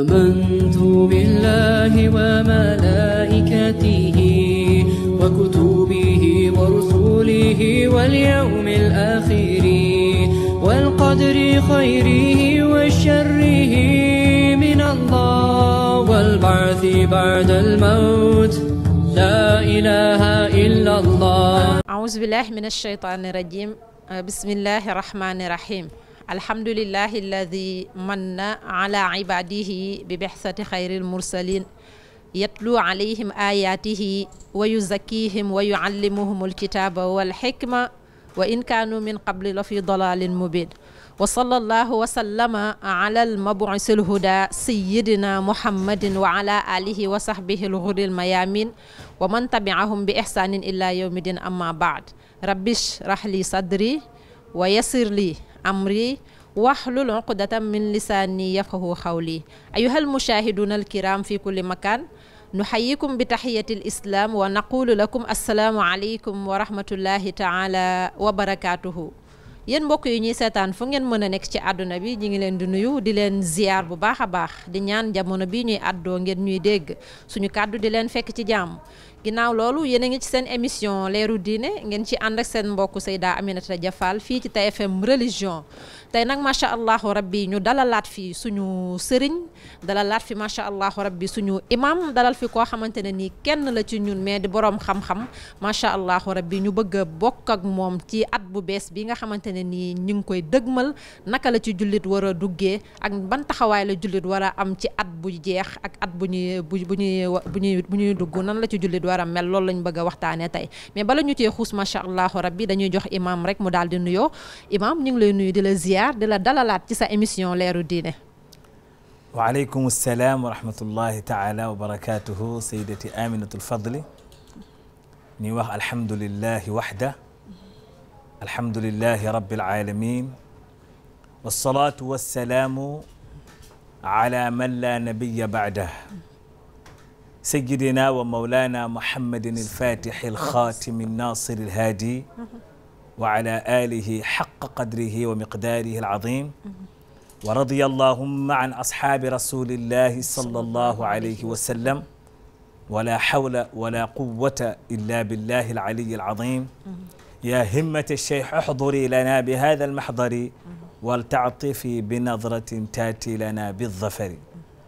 آمنت بالله وملائكته وكتبه ورسله واليوم الآخر والقدر خيره وشره من الله والبعث بعد الموت لا إله إلا الله أعوذ بالله من الشيطان الرجيم بسم الله الرحمن الرحيم alhamdulillahi alladi manna ala ibadihi bi bixsati xayril mursalin yatlu alayhim ayatihi wa yuzakkihim wa yuallimuhum alkitaba walxikma wa in kaanu min qabli la fi dalalin mubin wa sallallahu wa sallama ala almabuis alhuda sayidina muhammadin wa ala alihi wa sahbihi alghuril mayamin wa man tabiahum bi ihsanin ila yawmi din amma baad rabbi shrah li sadri wa yasir li amri wahlul uqdatam min lisaani yafqahu xawli ayyuhal mushaahiduuna alkiram fi kulli makaan nuxayikum bi taxiyati islaam wa naqulu lakum assalaamu aleykum wa rahmatullahi taala wa barakaatuhu yéen mbokk yi ñuy seetaan fu ngeen mën a nekk ci àdduna bi ñu ngi leen di nuyu di leen ziyaar bu baax a baax di ñaan jamono bi ñuy àddoo ngeen ñuy dégg suñu kàddu di leen fekk ci jàmm ginnaaw loolu yéen a ngi ci seen émission leeru diine ngeen ci ànd ak seen mbokk Seyda Aminata Dia Fall fii ci TFM religion tey nag macha allahu rabbi ñu dalalaat fii suñu sëriñ dalalaat fi macha allahu rabbi suñu imam dalal fi koo xamante ne nii kenn la ci ñun mais di borom xam-xam macha allahu rabbi ñu bëgg bokk ak moom ci at bu bees bii nga xamante ne nii ñu ngi koy dëgmal naka la ci jullit war a duggee ak ban taxawaay la jullit war am ci at bu jeex ak at bu ñuy bu ñuy bu ñuy bu ñuy dugg nan la ci jullit wara mel lool lañ bëgg a waxtaanee tey mais bala ñu cee xuus macha allahu rabbi dañuy jox imam rek mu daal di nuyoo imam ziar di la dalalaat ci sa émission leeru diine waaleykum salaam wa rahmatullahi taala wa barakatuhu sayidati aminatul fadli ñuy wax alhamdulillahi waxda alhamdulillahi rabbil alamin wasalaatu wasalaamu ala man la nabiya bacdah sayidina wa maulana muhammadin alfatixi alxaatimi annasiri alhaadi wa ala alihi xaqa qadrihi wa miqdaarihi alazim wa radiya allahumma an ashaabi rasulillahi sallallahu alayhi wa sallam wala hawla wala quwwata illa billahi alaliyi alazim ya himmata cheikh uhduri lana bi hada almahdari waltaatifi binadratin taati lana bizzafari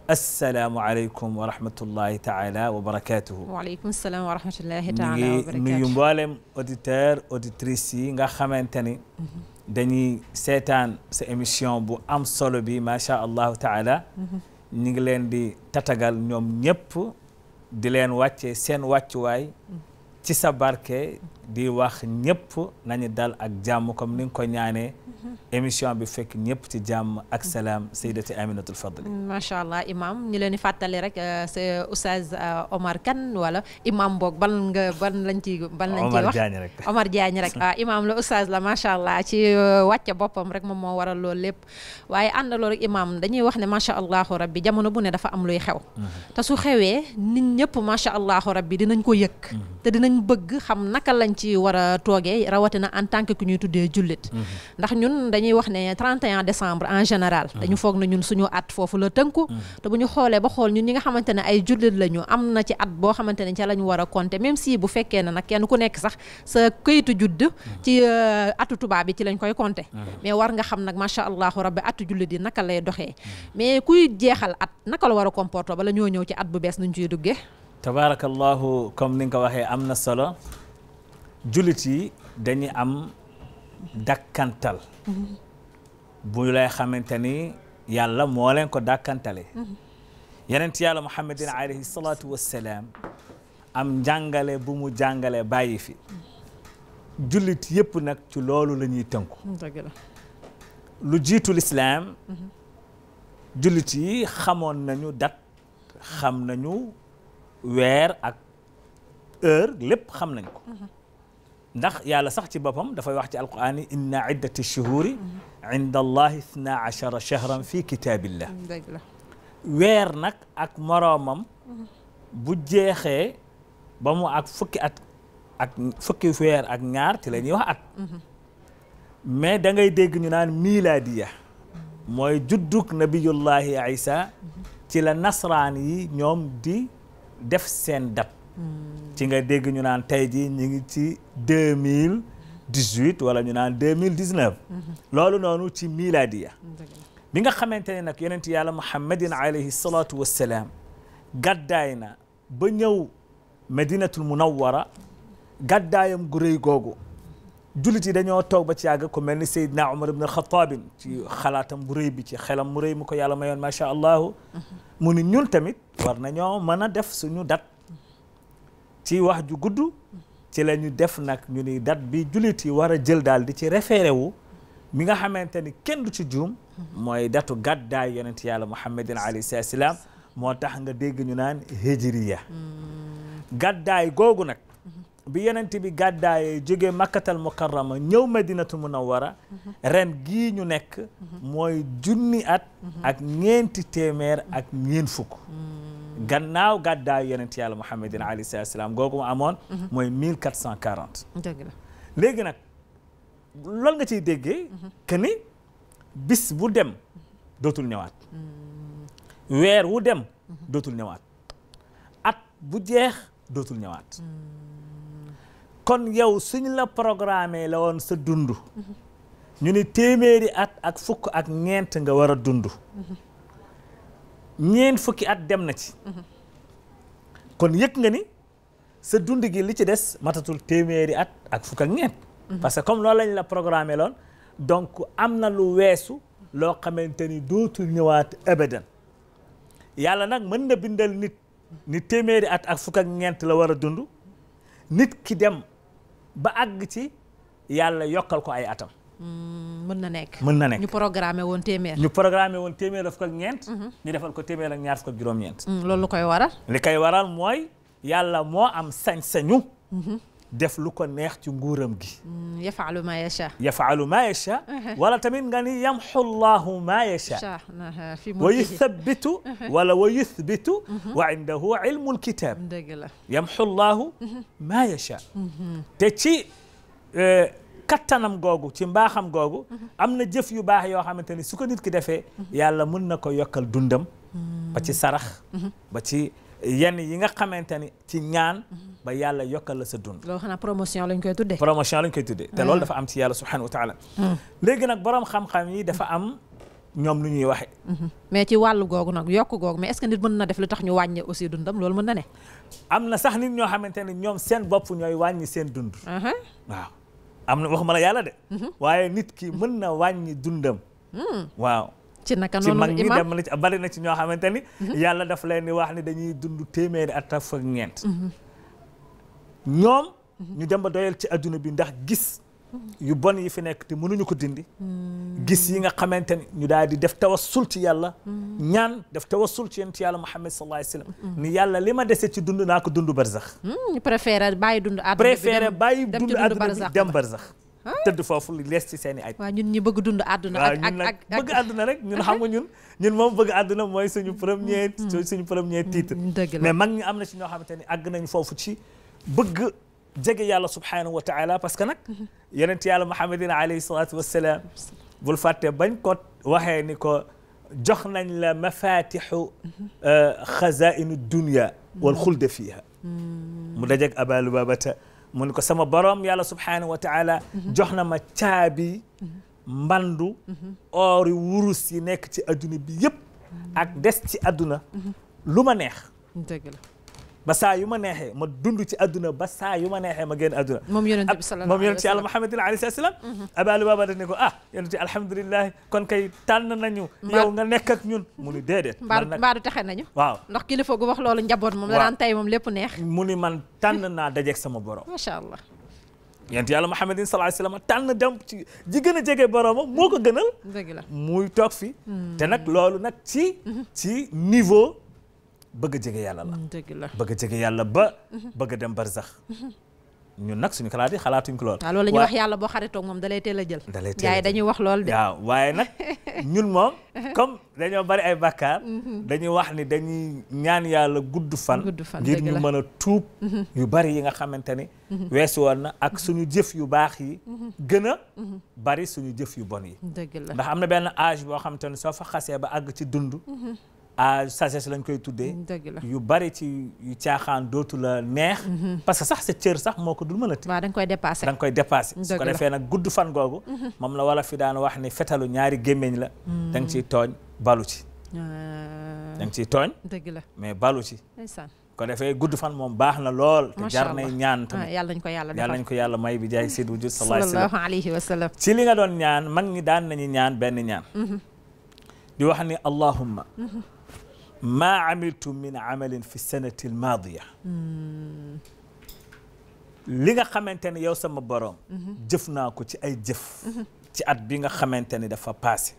asalaamualeykum wa rahmatullahi taala wa barakatuhu waaleykum salaam wa rahmatullahi taala wa barakatuhu nuyu mboolem auditeur auditrice yi nga xamante ni mhm. dañuy seetaan sa émission bu am solo bi macha allahu taala mhm. ñu ngi leen di tatagal ñoom ñëpp di leen wàccee seen wàccuwaay mhm. ci sa barke di wax ñëpp nañu dal ak jàmm comme ni nga ko ñaanee mhm. émission bi fekk ñëpp ci jàmm ak salaam saydati aminatul fadli macha allah imam ñu leen di fàttali rek euh, c'est oustaz euh, Omar Kane wala imam boog ban nga ban lañ ci ban lañ ci wax Omar Diagne rek waaw ah, imam la oustaz la macha allah ci euh, wàcce boppam rek moom moo waral loolu lépp waaye àndaloo rek imam dañuy wax ne macha allahu rabbi jamono bu ne dafa am luy xew mhm. te su xewee nit ñëpp macha allahu rabbi dinañ ko yëg mhm. nañ bëgg xam naka lañ ci war a toogee rawatina en tant que ku ñuy tuddee jullit ndax ñun dañuy wax ne 31 décembre en général dañu foog na ñun suñu at foofu la tënku te bu ñu xoolee ba xool ñun ñi nga xamante ne ay jullit lañu am na ci at boo xamante ne ca lañu war a compter même si bu fekkee ne nag kenn ku nekk sax sa këyitu judd ci euh, atu tubaab bi ci lañ koy compter mais war nga xam nag macha allahu rabbi atu jullit yi naka lay doxee mais kuy naka la war a comporter bala ñoo ñëw ci at bu bees nuñ ciy duggee tabaarakallaahu comme ni nga ko waxee am na solo jullit yi dañuy am dàkkantal bu lay xamante ni yàlla moo leen ko dàkkantale yenent yàlla muhammadin alayhi salaatu wassalaam am njàngale bu mu jàngale bàyyi fi jullit yépp nag ci loolu la ñuy tënku lu jiitu lislaam jullit yi xamoon nañu dat xam nañu weer ak heure lépp xam nañ ko ndax yàlla sax ci boppam dafay wax ci alquran yi inna iddati shuhuri inda allahi ithna achara weer nag ak moroomam bu jeexee bamu ak fukki at ak ak ñaar ci la ñuy wax at mais da ngay dégg ñu naan miilaadiya mooy juddug nabiyullahi isa ci la nasraan yi ñoom di def seen date. ci nga dégg ñu naan tey jii ñu ngi ci deux mille dix huit wala ñu naan deux mille dix neuf. loolu noonu ci miladiya. bi nga xamante ne nag yonent yàlla muhammadin alayhi salaatu wa salaam gàddaay na ba ñëw madinatul munawwara gàddaayam gu rëy googu. jullit yi dañoo toog ba ci yàgg ku mel ni Seydina Omar ibn Khattab ci xalaatam bu rëy bi ci xelam mu rëy mu ko yàlla mayoon macha allah. mu ni ñun tamit war nañoo mën a def suñu dat ci wax ju gudd ci la ñu def nag ñu ni dat bi jullit yi war a jël daal di ci référé wu mi nga xamante ni kenn du ci juum mooy datu gàddaay yonent yàlla muhammadin alayhi salaam moo tax nga dégg ñu naan hijriya mm. gàddaay googu nag bi yonent bi gàddaayee jóge makkatal mukarrama ñëw madinatu munawwara mhm. ren gii ñu nekk mhm. mooy junni at mhm. ak ñeenti téeméer ak ñeen fukk mm. gannaaw yeneen yonent yàlla muhammadin alayhi salaatu salaam googu mu amoon mooy 1440 dëgg la léegi nag loolu nga ci déggee que bis bu dem dootul ñëwaat mm. weer wu dem dootul ñëwaat at bu jeex dootul ñëwaat mm. kon yow suñ la programmé la woon sa dund ñu ni téeméeri at ak fukk ak ngeent nga war a dund ñeent fukki at dem na ci kon yëg nga ni sa dund gi li ci des matatul téeméeri at ak fukk ak ñeent parce que comme loolu lañ la programmé loon donc am na lu weesu loo xamante ni dootul ñëwaat abadan yàlla nag mën na bindal nit ni téeméeri at ak fukk ak ñeent la war a dund nit ki dem ba àgg ci yàlla yokkal ko ay atam. Hmm, mën na nekk mën na nekk ñu programmé woon téeméer. ñu programmé woon téeméer daf ko ak ñeent. Mhm. ñu defal ko téeméer ak ñaar fukk ak juróom-ñeent. Hmm, loolu lu koy waral. li koy waral mooy yàlla moo am sañ-sañu. Mhm. def lu ko neex ci nguuram gi. Mm, yafaalu maa yasha. yafaalu maa yasha. Uh-huh. wala tamit nga ni yamxu llahu maa yasha. Uh-huh, wa yuthabitu. Uh-huh. wala wa yuthbitu. wa indahu ilmu lkitab. dëgg la yamxu llahu maa yasha. te ci e, kattanam googu ci mbaaxam googu. am na jëf yu baax yoo xamante ni su ko nit ki defee. yàlla mën na ko yokkal dundam. Mm. ba ci sarax. ba ci. yenn yi nga xamante ni ci ñaan mhm. ba yàlla yokkal la sa dund loolu xanaa promotion lañ koy tuddee lañ koy tuddee te loolu dafa am ci yàlla subhanahu wa taala mm. léegi nag borom xam-xam yi dafa am ñoom lu ñuy waxe mhm. mais ci wàll googu nag yokk googu mais est-ce que nit mën na def lu tax ñu wàññi aussi dundam loolu mën na ne am na sax nit ñoo xamante ne ñoom seen bopp ñooy wàññi seen dund uh-huh. waaw am na ma la yàlla de mhm. waaye nit ki mën na wàññi dundam mm. waaw ci naka noonu imam mag ñi dem na ci bari na ci ñoo xamante ni. Mhm. yàlla daf leen di wax ni dañuy dund téeméeri at ak ñeent. Mhm. ñoom. Mhm. ñu dem ba doyal ci adduna bi ndax gis. yu bon yi fi nekk te mënuñu ko dindi. Mm. gis yi nga xamante ni ñu daal di def tawassul ci yàlla. Mm. ñaan def tawassul ci yonent yàlla Muhammad sallallahu alayhi wa mm. ni yàlla li ma dese ci dund naa ko dund barzax. ñu préféré bàyyi dund. adduna bi dem préféré bàyyi dund adduna bi dem barzax. tëdd foofu lees ci seen i aj ñun ñu bëgg dund àdduna ak ak ak àdduna rek ñun xam nga ñun ñun moom bëgg àdduna mooy suñu premier mm, mm, mm. suñu premier titre mais mag ñi am na ci ñoo xamante ni àgg nañ foofu ci bëgg jege yàlla subhanahu wa taala parce que nag mm-hmm. yonent yàlla Muhammadin alayhi salatu wassalaam bul fàtte bañ ko waxee ni ko jox nañ la mafatixu mm-hmm. euh, xazainu dunia wal xulda fiiha mu dajeeg abalu babata mu ne ko sama borom yàlla subhaanahu wa taala jox na ma caabi mbandu oori wurus yi nekk ci adduna bi yëpp ak des ci adduna lu ma neex dëgg la ba saa yu ma neexee ma dund ci adduna ba saa yu ma neexee ma génn adduna moom yonent bi sallallahu moom yonent ci yàlla Muhammadin alayhi salaam mhm. Aba Ali Baba daf ne ko ah yonent ci alhamdulilah kon kay tànn nañu yow nga nekk ak ñun mu ni déedéet mbaadu texe nañu waaw ndax kilifa gu loolu njaboot moom da daan tay moom lépp neex mu ni man tànn naa dajeeg sama borom macha allah yonent yàlla Muhammadin sallallahu alayhi a jege boromam moo ko gënal la muy toog fi hmm. te nag loolu nag ci mhm. ci niveau bëgg a jege yàlla la. Mm, bëgg a yàlla ba bëgg a dem sax ñun nag suñu xalaat yi xalaatuñ ko lool. waaw loolu la ñuy wax yàlla boo xaritoog moom dalay teel a jël. dalay teel a jël dañuy wax lool de. waaye nag ñun moom comme dañoo bari ay bàkkaar. Mhm. dañuy wax ni dañuy ñaan yàlla gudd fan. ngir ñu mën a tuub. Mhm. yu bari yi nga xamante ni. Mhm. weesu woon na ak suñu jëf yu baax yi. gën a bari suñu jëf yu bon yi. dëgg la ndax am na benn âge boo xamante ni soo fa xasee ba àgg ci dund. à sagesse lañ koy tuddee. yu bari ci yu caaxaan dootu la neex. Mhm. parce que sax sa cër sax moo ko dul mënati. waaw da koy dépassé da nga koy dépassé. su ko defee nag gudd fan googu. Mhm. moom la wala fi daan wax ne fetalu ñaari gémmiñ la. Mhm. da nga ciy tooñ balu si euh, da ciy tooñ. dëgg la mais balu ci. ko defee gudd fan moom baax na lool. te jar nay ñaan ah, tamit yàlla nañ ko yàlla defal yàlla nañ ko yàlla may bi jaay Seydou Diouf. sallallahu alayhi wa sallam ci li nga doon ñaan mag ñi daan nañu ñaan benn ñaan. di wax ni allahumma. maa amiltum min amalin fi sanati al maadiya li nga xamante ne yow sama borom. jëf naa ko ci ay jëf ci at bi nga xamante ne dafa paase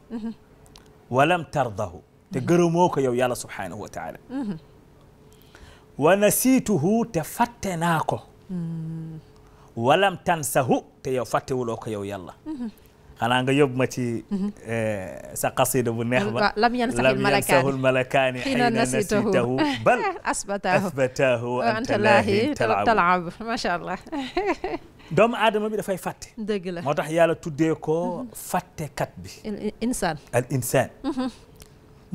walam tardahu te gërëmoo ko yow yàlla subhaanahu wa taala wa nasiituhu te fàtte naa ko walam tansahu te yow fàttewuloo ko yow yàlla xanaa nga yóbbu ma ci. Mhm. Eh, sa qasida bu neex ba. lam yansahul malakaani xiina nasitahu bal asbatahu asbatahu wa anta laahi talab macha allah. doomu aadama bi dafay fàtte. dëgg la moo tax yàlla tuddee ko mhm. fàttekat bi. insaan al insaan. Mhm.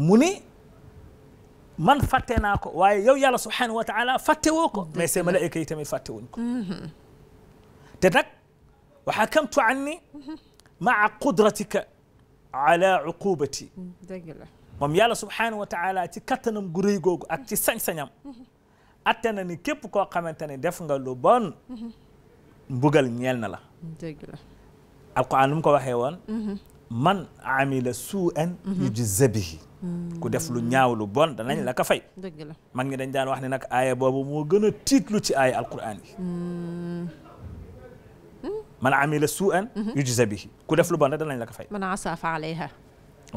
mu ni man fàtte naa ko waaye yow yàlla subhanahu wa taala fàtte woo ko. mais seen malaayika yi tamit fàtte wuñ ko. te nag wa hakamtu anni maa qudratika ala uqubati dëgg la moom yàlla subhanahu wa taala ci kattanam gu rëy googu ak ci sañ-sañam atte na ni képp koo xamante ne def nga lu bon mbugal ñeel na la dëgg la alquran lu mu ko waxee woon man amila suu'an yujza bihi ku def lu ñaaw lu bon danañ la ka fay dëgg la mag ñi dañ daan wax ne nag aaya boobu moo gën a tiitlu ci aaya alquran yi man amila suu'an yujza bihi ku def lu bon rek danañ la ko fay man asaa fa alayha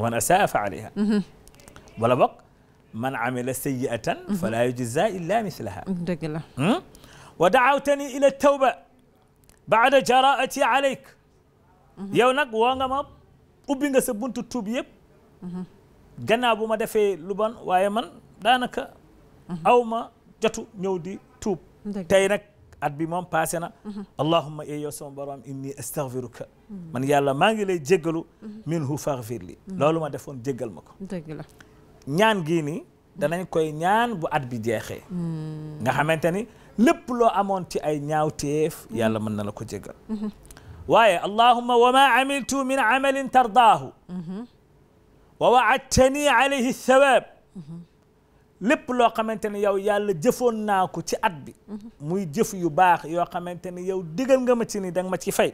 man asaa fa alayha wala boog man amila sayyi'atan fala yujza illa mislaha dëgg la wa daawtani ila tawba baada jaraati alayk yow nag woo nga ma ubbi nga sa buntu tuub yëpp gannaaw bu ma defee lu bon waaye man daanaka aw ma jotu ñëw di tuub tey nag at bi moom passé na allahumma ey eh yow sama borom inni astaghfiruka man yàlla maa ngi lay jéggalu minhu faghfir li loolu ma defoon jéggal ma ko dëgg la ñaan gii nii danañ koy ñaan bu at bi jeexee nga xamante ni lépp loo amoon ci ay ñaawteef yàlla mën na la ko jéggal waaye allahumma wa ma amiltu min amalin tardaahu wa waadtani alayhi thawab lépp loo xamante ne yow yàlla jëfoon naa ko ci at bi muy jëf yu baax yoo xamante ne yow digal nga ma ci ni danga ma ci fay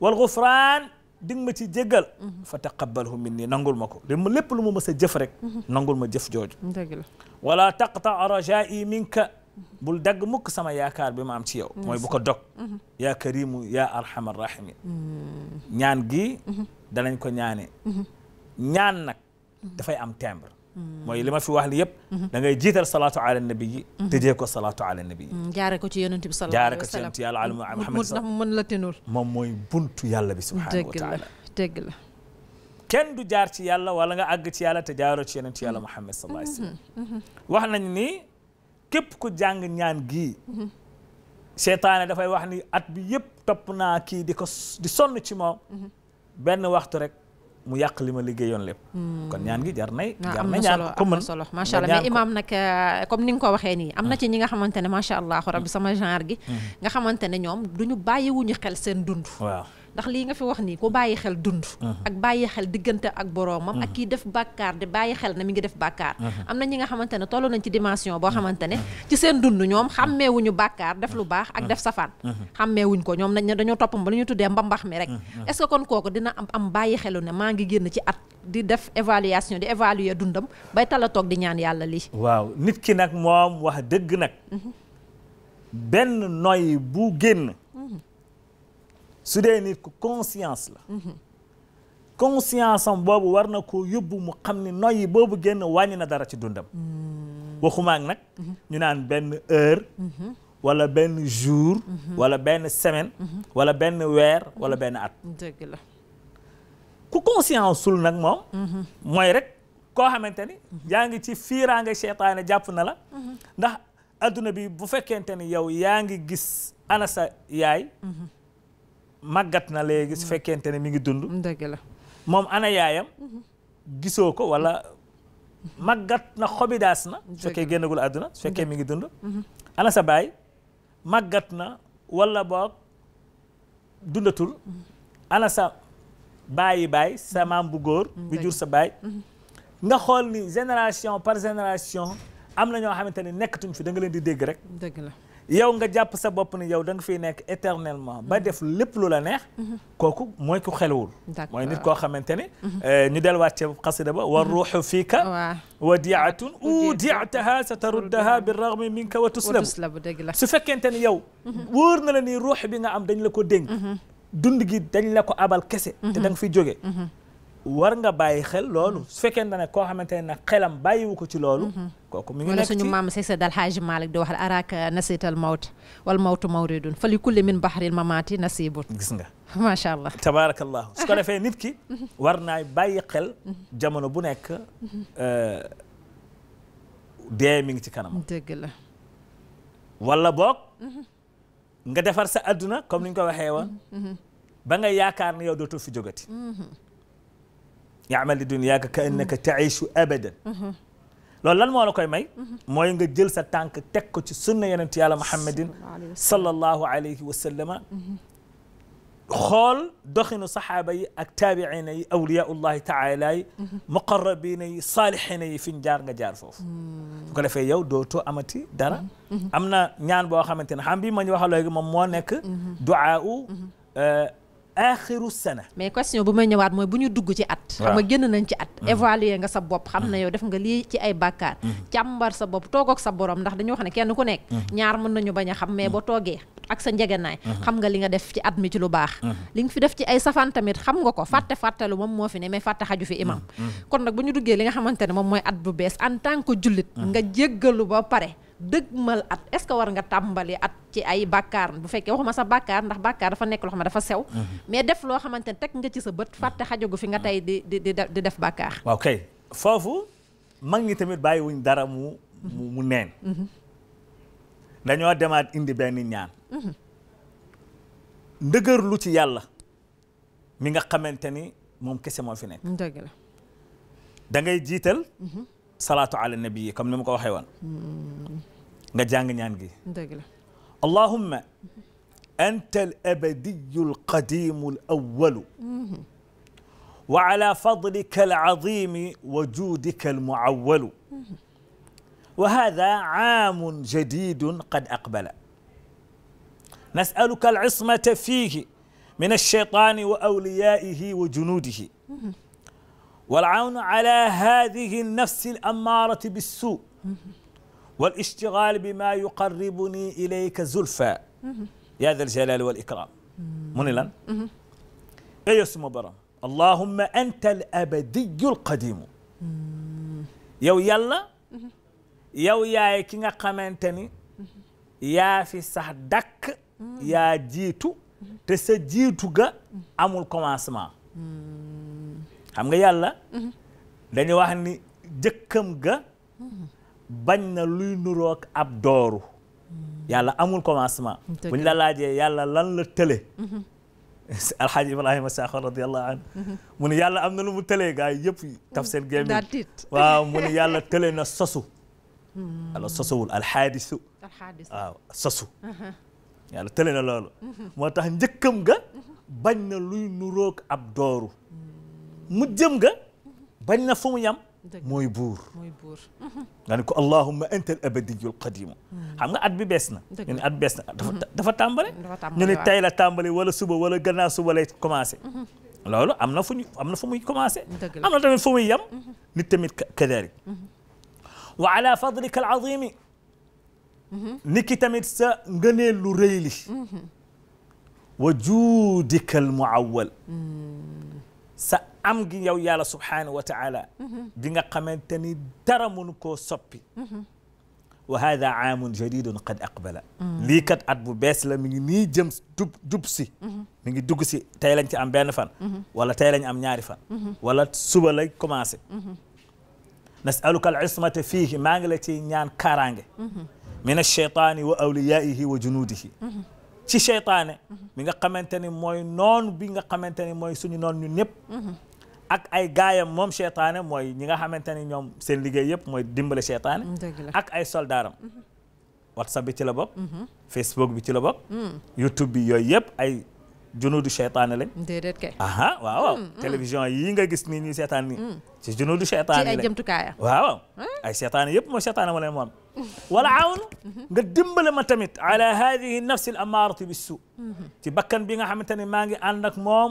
wal xufraan dig ma ci jéggal fa taqabalhu min nii nangul ma ko lépp lu ma mës a jëf rek nangul ma jëf jooju wala taqta rajai minka bul dagg mukk sama yaakaar bi ma am ci yow mooy bu ko dog yaa karimu yaa arhamar rahimin ñaan gi danañ ko ñaane ñaan nag dafay am timbre mooy li ma fi wax li yëpp mhm. da ngay jiital salaatu ala nabi yi mhm. tëjee ko salaatu ala nabi yi mm, jaare ko ci yonent bi sallallahu alayhi wa sallam jaare ko ci yonent yàlla moom mooy buntu yàlla bi subhanahu wa taala dëgg la du jaar ci yàlla wala nga àgg ci yàlla te jaaroo ci yonent yàlla mm-hmm. Muhammad sallallahu alayhi wa sallam mm-hmm. Mm-hmm. wax nañ ni képp ku jàng ñaan gii seytaane dafay wax ni at bi yëpp top naa kii di ko di sonn ci moom benn waxtu rek mu yàq li ma liggéeyoon lépp. Hmm. kon ñaan gi jar nay. Ah, jar na ñaan ko mën solo macha allah mais imaam nag eh, comme ni nga ko waxee nii. am na ah. ci ñi nga xamante ne macha allah rabbi hmm. sama genre gi. Hmm. nga xamante ne ñoom du ñu bàyyiwu ñu xel seen dund. waaw ndax lii nga fi wax nii ku bàyyi xel dund uh-huh. ak bàyyi xel diggante ak boroomam ak uh-huh. kii def bàkkaar de bàyyi xel na mi ngi def bàkkaar uh-huh. am na ñi nga xamante ne toll nañ ci dimension boo xamante ne ci seen dund ñoom xàmmeewuñu bàkkaar def lu baax ak def safaan xàmmeewuñ ko ñoom nañ ne dañoo topp ba lu ñu tuddee mbax mi rek est kon kooku dina am am bàyyi xelu ne maa ngi génn ci at di def évaluation di évaluer dundam bay tala toog di ñaan yàlla lii waaw nit ki nag moom wax dëgg nag mm-hmm. benn noy bu su dee nit ku conscience la mhm. conscience am boobu war na ko yóbbu mu xam ni noyyi boobu génn wàññi na dara ci dundam mm. waxuma nag mhm. ñu naan benn heure mhm. walla benn jour wala benn semaine wala benn weer wala benn at dëgg la ku conscience sul nag moom mooy rek koo xamante ni yaa ngi ci fiiraange seytaane jàpp na la ndax adduna bi bu fekkente ni yow yaa ngi gis ana sa yaay màggat na léegi su mm. fekkente ne mi ngi dund mm, dëgg la moom ana yaayam mm-hmm. gisoo ko wala màggat na xobidaas na su fekkee génnagul àdduna su mm-hmm. mi ngi dund mm-hmm. ana sa baay màggat na wala boog dundatul ana sa baayi baay sa maam bu góor bi jur sa baay nga xool ni génération par génération am na ñoo xamante ne nekkatuñ fi danga leen di dégg rek dëgg la yow nga jàpp sa bopp yow da nga fiy nekk éternellement ba mhm. def lépp lu la neex mhm. kooku mooy ku xelwul mooy nit koo xamante ni mhm. euh, ñu delluwaat ci xasida ba wa ruuxu fiika wadiatun udiataha sa taruddaha bi raghmi minka wa tuslabu su fekkente ni yow wóor na la ni ruux bi nga am dañ la ko dénk dund gi dañ la ko abal kese te da nga fiy war nga bàyyi xel loolu mm-hmm. su fekkee ne koo xamante ne nag xelam bàyyiwu ko ci loolu. Mm-hmm. kooku mi ngi nekk ci suñu maam Seex Seydi El Hadji Malick di wax araak nasiital mawt wal mawtu mawridun fa li kulli min bahril mamaati nasiibun gis nga macha allah. tabaarakallah su ko defee nit ki. Mm-hmm. war naa bàyyi xel. jamono bu nekk. Euh, dee mi ngi ci kanam. la. wala boog. nga defar sa adduna comme ni nga ko waxee woon. ba nga yaakaar ne yow dootoo fi jógati. yaamal li dunyaaka ka annaka taishu abadan loolu lan moo la koy may mooy nga jël sa tànk teg ko ci sunna yonent yàlla muhammadin sallallahu alayhi wa sallama xool doxinu saxaaba yi ak taabiina yi awliyaullahi taala yi muqarrabina yi saalihina yi fi ñu jaar nga jaar foofu bu ko defee yow dootoo amati dara am na ñaan boo xamante ne bi ma ñu wax léegi moom moo nekk duaa axiru sana mais question bu may ñëwaat mooy bu ñu dugg ci at xam nga génn nañ ci at mhm. évaluer nga sa mhm. bopp xam na yow def nga lii ci ay bàkkaar mhm. càmbar sa bopp toog ak sa borom ndax dañu wax ne kenn ku nekk ñaar mën nañu bañ a xam mais boo toogee ak sa njegenaay xam nga li nga def ci at mi ci lu baax li nga fi def ci ay safaan tamit xam nga ko fàtte fàttelu moom moo fi ne mais fàtte xaju fi imam kon nag bu ñu duggee li nga xamante ne moom mooy at bu bees en tant que jullit nga jéggalu ba pare dëgmal at est-ce que war nga tàmbali at ci ay bàkkaar bu fekkee waxuma sa bàkkaar ndax bàkkaar dafa nekk loo dafa sew. Mhm. mais def loo xamante ne teg nga ci sa bët fàtte xajagu fi nga mhm. tey di di di def bàkkaar. waaw kay foofu mag ñi tamit bàyyi dara mu mu neen. Mhm. dañoo demaat indi benn lu ci yàlla mi nga xamante ni moom kese moo fi nekk. dëgg la da ngay jiital. salaatu ala nabi yi ko waxee woon. Mm. nga jàng ñaan gi dëgg la allahumma anta al abadiyu al qadimu al awalu wa ala fadlika al azimi wa juudika al muawalu wa hada aamun jadidun qad aqbala nasaluka al ismata fiihi min alcheytani wa awliyaihi wa junuudihi wal awnu ala hadihi nafsi al amaarati bissuu wal ishtigaal bi maa yuqarribuni ilayka zulfa yaa dal jalaali wal mu ni lan eyo suma borom allahumma anta al abadiyu al qadimu yow yàlla yow yay ki nga xamante ni yaa fi sax dakk yaa jiitu te sa jiitu ga amul commencement xam nga yàlla dañu wax ni jëkkam ga bañ na luy nuroog ab dooru yàlla amul commencement mm-hmm. bu ñu la laajee yàlla lan la tële mm-hmm. alxaaji ibrahima sakho radiallahu anhu mm-hmm. mu ne yàlla am na lu mu tëlee ga yi yëpp taf waaw mu ne yàlla tële na sosu alors sosuwul alxaadisu waaw sosu uh-huh. yàlla tële na loolu moo tax njëkkam nga bañ na luy nuroog ab dooru mu jëm nga bañ na fu mu yam mooy buur mooy buur mhm. nga ne ko allahumma anta al abadiyul qadimu mhm. xam nga at bi bees na ñu ne at bees na dafa mhm. dafa tàmbale ñu ne tey la tàmbale wala suba wala gannaaw suba lay commencé loolu am na fu ñu am na fu muy commencé am na tamit fu muy yem nit tamit kadalik wa ala fadlika al azimi nit ki tamit sa ngëneel lu rëy li wa juudika al muawwal mm. sa am gi yow yàlla subhanahu wa taala mm-hmm. bi nga xamante ni dara mun koo soppi mm-hmm. wa hada aamun jadidun qad aqbala mm. lii kat at bu bees la mi ngi nii jëm mm-hmm. mi ngi dugg si tey lañ ci am benn fan wala tey lañ am ñaari fan wala suba lay commencé nasaluka al ismata fiihi maa ngi la ciy ñaan kaaraange min alcheytaani wa awliyaihi wa junuudihi ci cheytaane mi nga xamante ni mooy noon bi nga xamante ni mooy suñu noon ñu ñëpp ak ay gaayam moom seytaane mooy ñi nga xamante ni ñoom seen liggéey yëpp mooy dimbale seytaane mm, ak ay soldaaram mm-hmm. whatsapp bi ci la bokk. Mm-hmm. facebook bi la bokk. Mm. youtube bi yooyu yëpp junudu seytaane lañ. déedéet kay. aha waaw waaw. Hmm, hmm. télévision yii nga gis nii ñuy seetaan nii. Hmm. ci junudu seytaane lañ ci ay jëmtukaaya. waaw ay seetaan yëpp mooy seetaan ma leen moom. wala aawun nga dimbale ma tamit ala hadihi nafsi al amaarati bissu ci bakkan bi nga xamante ne maa ngi ànd ak moom.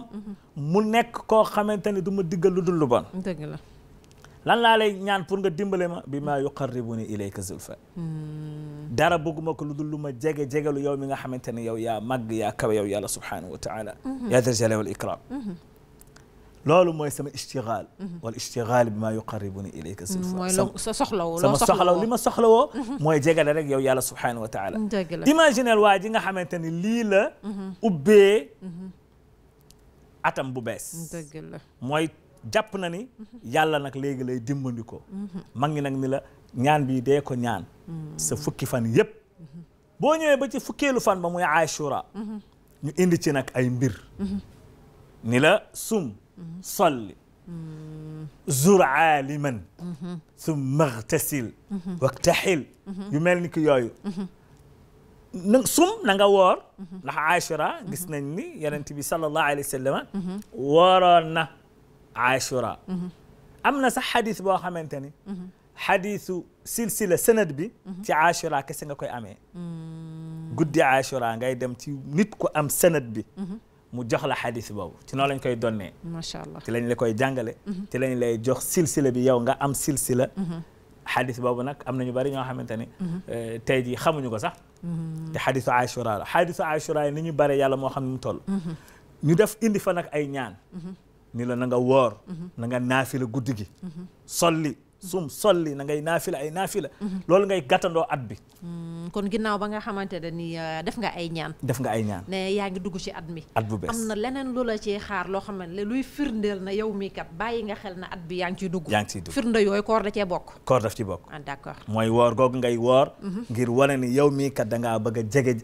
mu nekk koo xamante ne du ma diggal lu dul lu bon. la. lan laa lay ñaan pour nga dimbale ma bi maa yuqarribuni zulfa hmm. dara bëgguma ko lu dul lu ma jege jegelu yow mi nga xamante ne yow yaa màgg yaa kawe yow yàlla subhanahu wa taala yaa dal jalali loolu mooy sama ishtigaal hmm. wal ishtigaal bi maa hmm, ma soxlawoo mooy rek yow yàlla subhanahu wa taala imaginel waa ji nga xamante ne lii la ubbee jàpp na ni yàlla nag léegi lay dimbandikoo mag ñi nag ni la ñaan bii dee ko ñaan sa fukki fan yëpp boo ñëwee ba ci fukkeelu fan ba muy ashura ñu indi ci nag ay mbir ni la sum solli zur aaliman summa ghtasil waqtaxil yu mel ni ki yooyu na sum na nga woor ndax ashura gis nañ ni yonent bi sallallahu alayhi wa sallam wooroon na ashura am na sax xadis boo xamante ni xadisu silsila sanad bi ci ashura kese nga koy amee mm. guddi ashura ngay dem ci nit ko am sanad bi mm-hmm. mu jox la xadis boobu ci noonu lañ koy donnee macha allah ci lañ la koy jàngale mm-hmm. ci lañ lay jox silsila bi yow nga am silsila mm-hmm. xadis boobu nag am nañu bari ñoo xamante ni eh, tey jii xamuñu ko sax te xadisu ashura la xadisu ashura yi ni ñu bare yàlla moo xam ni mu toll ñu def indi fa nag ay ñaan ni la na nga woor na nga naafila guddi gi mhm. solli sum solli na ngay naafila ay naafila mhm. loolu ngay gàttandoo at bi mm. kon ginnaaw ba nga xamante ne ni euh, def nga ay ñaan. def nga ay ñaan ne yaa ngi dugg ci at mi. at bu bees am na leneen lu la ci xaar loo xam ne luy firndeel na yow mi bàyyi nga xel na at bi yaa ngi ciy dugg. firnde yooyu koor da cee bokk. koor daf ci bokk. ah d'accord mooy woor googu ngay woor. Mhm. ngir wane ni yow mi kat bëgg a jege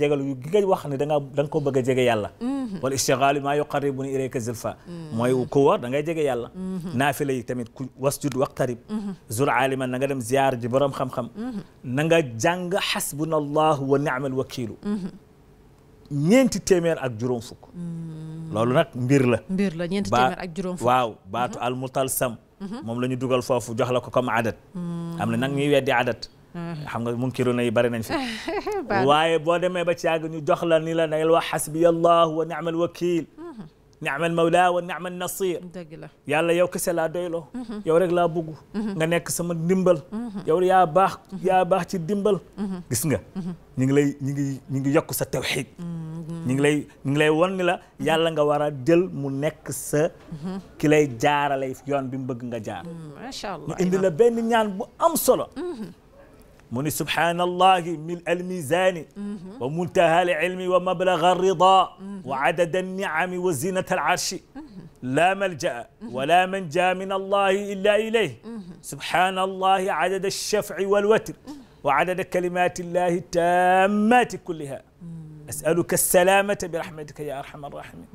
jege lu gi nga wax ne da ko bëgg a jege yàlla. Mhm. Mhm. naafila yi tamit ku wasjud waqtarib. zul alima na nga dem ziyaar ji borom xam-xam. na jàng xasbuna allahu wa niamal wakiilu ñeenti téeméer ak juróom fukk loolu nag mbir la mbir la ñeenti téeméer ak juróom fukk waaw mhm. baatu almutalsam mhm. moom la ñu dugal foofu jox la ko comme adat mm. am na nag ñuy weddi adat mhm. xam nga munkiruna yi bari nañ fi waaye boo demee ba ci yàgg ñu jox la ni la nel wax xasbiya allahu wa niamal wakiil ni'mal mawla wa ni'mal nasir dëgg la yàlla yow kese laa doyloo mhm. yow rek laa bugg mhm. nga nekk sama ndimbal mhm. yow yaa baax yaa baax ci dimbal gis nga ñu ngi lay ñu ngi ñu ngi yokk sa tawxiid ñu ngi lay ñu ngi lay wan ni la yàlla nga war a jël mu nekk sa ki lay jaarale yoon bi mu bëgg nga jaar macha allah ñu indi la benn ñaan bu am solo mu ni subhaanallahi min almizaani mhm. wa muntaha alilmi wa mablaga arrida wa mhm. adada anniami wa zinata alarshi mhm. laa malja'a wa laa manjaa min allahi illa ilayhi subhaanallahi adada alshafci walwatr wa adada kalimaati llahi taammaati kulliha أسألك السلامة برحمتك يا أرحم الراحمين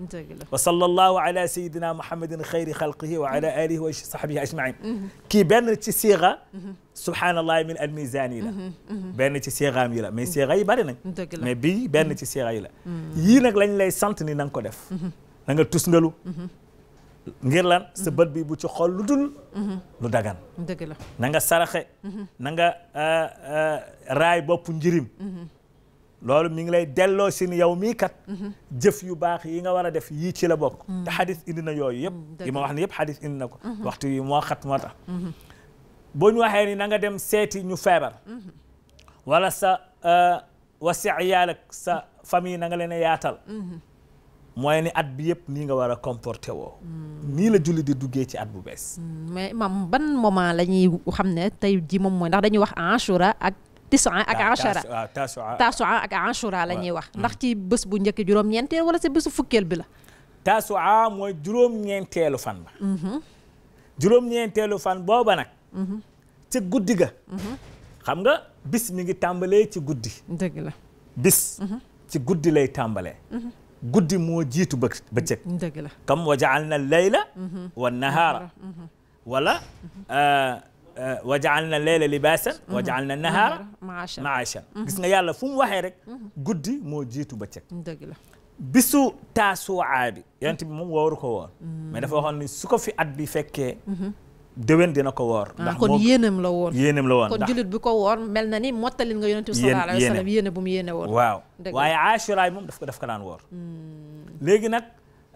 وصلى الله على سيدنا محمد خير خلقه وعلى آله وصحبه أجمعين kii benn ci siixa subhaanallahi min al miizaan yi la mhm, mhm. benn ci séeraam yi la mais séera yi bari nañ mais bii benn ci séera la mhm, yii nag lañ lay sant ni na ko def na nga tusngalu ngir lan sa bët bi bu ci xool lu dul lu dagan dëgg la nanga nga saraxe na nga euh, euh, raay bopp njirim loolu mi ngi lay delloo si ni yow mii kat jëf yu baax yi nga war a def yii ci la bokk te xadis indi na yooyu yëpp yi ma wax ni yëpp xadis indi na ko waxtu yi moo xat moo tax boo ñu waxee ni na nga dem seeti ñu feebar wala sa euh, wasi yaal ak sa famille na nga leen yaatal mooy ni at bi yëpp nii nga war a comporté woo nii la julli di duggee ci at bu bees mais imam ban moment la ñuy xam ne tey ji moom mooy ndax dañuy wax ashura ak tisua ak ah, ashara ah, ak ashura la ñuy wax mm. ndax ci bés bu njëkk juróom-ñeenteel wala si bésu fukkeel bi la tasua mooy juróom-ñeenteelu fan ba mm-hmm. juróom-ñeenteelu fan booba nag ca guddi ga. xam nga bis mi ngi tàmbalee ci guddi. dëgg la bis. ci guddi lay tàmbalee. guddi moo jiitu ba bëccëg. dëgg la comme wa jaalna layla. wa nahaara. wala mhm. euh, euh, wa jaalna layla libaasan. wa mhm. jaalna nahaara. Mhm. maasha gis nga yàlla fu mu waxee rek. guddi moo jiitu ba dëgg la. bisu taasuwaa bi. yonent bi moom wooru ko woon. mais dafa waxoon ni su fi at fekkee. déwén dina ko woor. Ah, ndax kon yéenam la woon yéenam la woon kon jullit bi ko woor mel na ni mottalil nga yonent wa sallam yéene bu mu yéene woon. waaye Ashura bi daf ko daf ko daan woor. Hmm. léegi nag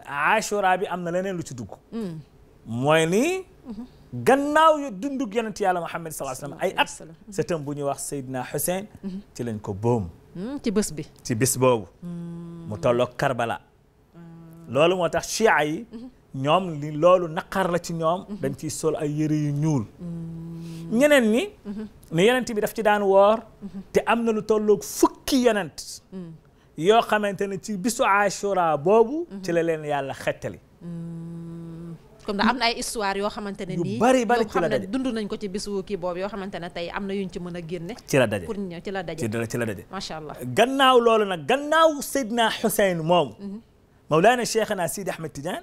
Ashura bi am na leneen lu ci dugg. Hmm. mooy ni. Mhm. gannaaw yu dundug yonent yàlla Muhammad sallallahu alayhi ay at. sëtam bu ñuy wax Seydina Hussein. Mhm. ci lañ ko boom. Hmm, ci bés bi ci bés boobu. mu tolloog Karbala. loolu moo tax Chia yi. Mhm. ñoom li loolu naqar la ci ñoom mhm. dañ ciy sol ay yére yu ñuul ñeneen ñi mhm. ne yonent bi daf ci daan woor mhm. te am na lu tolloog fukki yonent mm. yoo xamante ne ci bisu Ashura boobu ci la leen yàlla xettali mm. comme da am na ay histoire yoo xamante ne nii yu bari bari dund nañ ko ci bisu kii boobu yoo xamante ne tey am na yuñ ci mën a génne ci la daje pour ñëw ci la daje ci la daje macha allah gannaaw loolu na gannaaw Seydina Xuseyn moom Mawlana Cheikhna Sidi Ahmed Tidiane.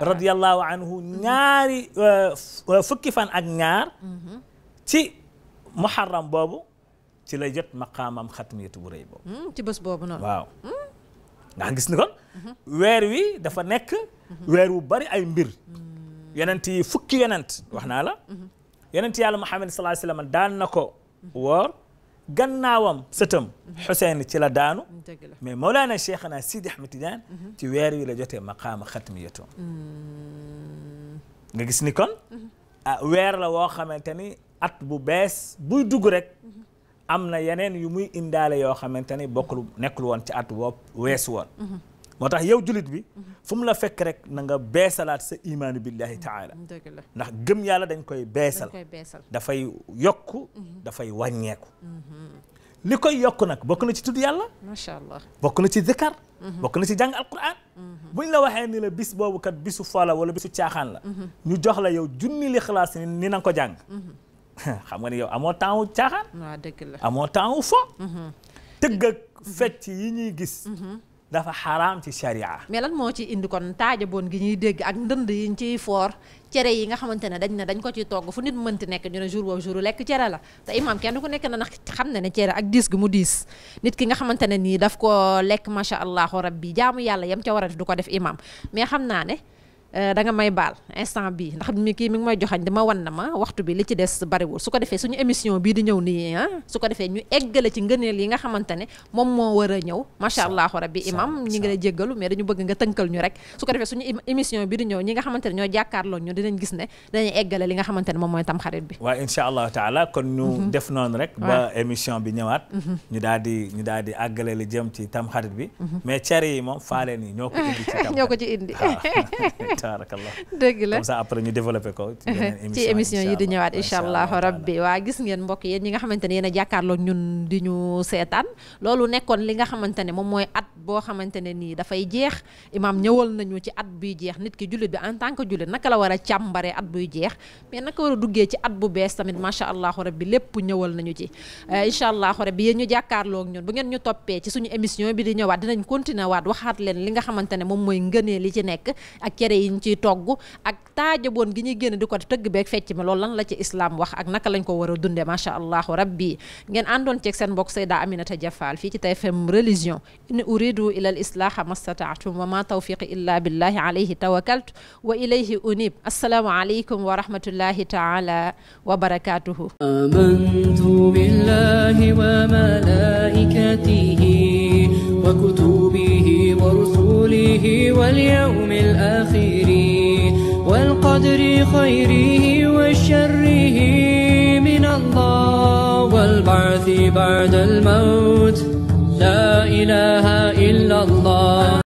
radiyallahu anhu ñaari fukki fan ak ñaar. ci muharram boobu ci la jot maqaamam xatmiyatu bu rëy boobu. ci bés boobu noonu waaw. nga gis ni kon. weer wi dafa nekk. weer wu bari ay mbir. yonent yi fukki yonent wax naa la. yonent yàlla Muhammad sallallahu alayhi wa sallam daan na ko woor. gannaawam sëtam Xuseyn ci la daanu mais Mawlana na Sidi Ahmed Tidiane mhm. ci weer wi la jote maqaama xatmiyatu mm. nga gis ni kon mhm. ah weer la woo xamante ni at bu bees buy dugg rek mhm. am na yeneen yu muy indaale yoo xamante ni bokkul nekkul woon ci at boobu weesu woon moo tax yow julit bi fu mu la fekk rek na nga beesalaat sa imaanu billahi taala mm-hmm. ndax gëm yàlla dañ koy beesal dafay yokk mm-hmm. dafay wàññeeku mm-hmm. li koy yokk nag bokk na ci tudd yàlla macha allah bokk na ci zikar bokk na ci jàng alquran buñ la waxee ni la bis boobu kat bisu fola wala bisu caaxaan la ñu jox la yow junni li xalaas ni na ko jàng xam nga ni yow amoo temps wu caaxaan waaw la amoo temps wu fo tëgg ak fecc yi ñuy gis dafa xaraam ci sharia mais lan moo ci indi kon taajaboon gi ñuy dégg ak ndënd yi ñu ciy foor cere yi nga xamante ne dañ na dañ ko ci togg fu nit mënti nekk ñu ne jour boobu jour lekk cere la te imaam kenn ku nekk na nag xam na ne cere ak diis gi mu diis nit ki nga xamante ne nii daf ko lekk macha allahu rabbi jaamu yàlla yem ca war a def du ko def imaam mais xam naa ne Euh, da nga may baal instant bii ndax mi kii mi ngi may joxañ ma wan na ma waxtu bi li ci des bariwul su ko defee suñu émission bii di ñëw nii ah su ko defee ñu eggale ci ngëneel yi nga xamante ne moom moo war a ñëw macha allahu rabbi imam ñi ngi lay jéggalu mais dañu bëgg nga tënkal ñu rek su ko defee suñu émission bii di ñëw ñi nga xamante ne ñoo jàkkaarloo ñu dinañ gis ne dañuy eggale li xamante ne moom mooy tamxarit bi waaw incha allahu taala kon ñu mhm. def noonu rek ba émission bi ñëwaat mhm. ñu daal di ñu daal di àggale li jëm ci tamxarit bi mhm. mais cere yi moom faaleen yi ñoo ko indi ci ñoo ko ci indi tabaarakallah dëgg la comme après ñu développé ko ci émission yi di ñëwaat incha allahu rabbi waa gis ngeen mbokk yéen ñi nga xamante ne yéen a jàkkaarloo ñun di ñu seetaan loolu nekkoon li nga xamante ne moom mooy at boo xamante ne nii dafay jeex imaam ñëwal nañu ci at buy jeex nit ki jullit bi en tant que jullit naka la war a càmbaree at buy jeex mais naka war a duggee ci at bu bees tamit macha allahu rabbi lépp ñëwal nañu ci euh, incha allahu rabbi yéen ñu jàkkaarloo ñun bu ngeen ñu toppee ci suñu émission bi di ñëwaat dinañ continuer waat waxaat leen li nga xamante ne moom mooy ngënee li ci nekk ak cere yiñ ciy togg ak taajaboon gi ñuy di ko tëgg beeg fecc mi lan la ci islam wax ak naka lañ ko war a dunde macha allahu rabbi ngeen àndoon ceeg seen mbokk sayda Aminata Jafal fii ci TFM religion in uridu ila al islaha mastataatum wa ma tawfiqi illa billahi alayhi tawakkaltu wa ilayhi unib assalaamu aleykum wa rahmatullahi taala wa barakatuhu amantu وكتبه ورسله واليوم الآخر والقدر خيره وشره من الله والبعث بعد الموت لا إله إلا الله